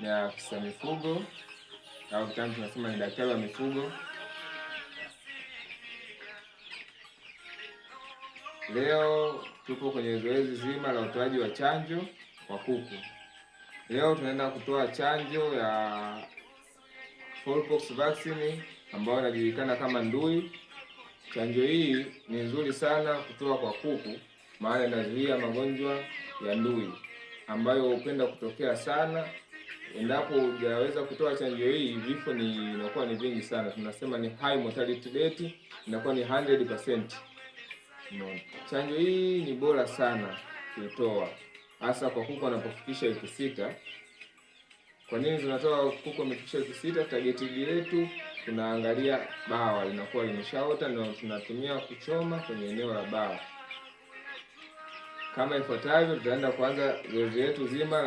ya afisa mifugo au tano tunasema ni daktari wa mifugo. Leo tupo kwenye zoezi zima la utoaji wa chanjo kwa kuku. Leo tunaenda kutoa chanjo ya smallpox vaccine ambayo inajulikana kama ndui. Chanjo hii ni nzuri sana kutoa kwa kuku, maana inazuia magonjwa ya ndui ambayo hupenda kutokea sana endapo hujaweza kutoa chanjo hii, vifo ni inakuwa ni vingi sana. Tunasema ni high mortality rate, inakuwa ni 100%. No. Chanjo hii ni bora sana kutoa hasa kwa kuku wanapofikisha wiki sita. Kwa nini tunatoa kuku wamefikisha wiki sita? Target yetu tunaangalia bawa linakuwa limeshaota na tunatumia kuchoma kwenye eneo la bawa kama ifuatavyo. Tutaenda kuanza zoezi yetu zima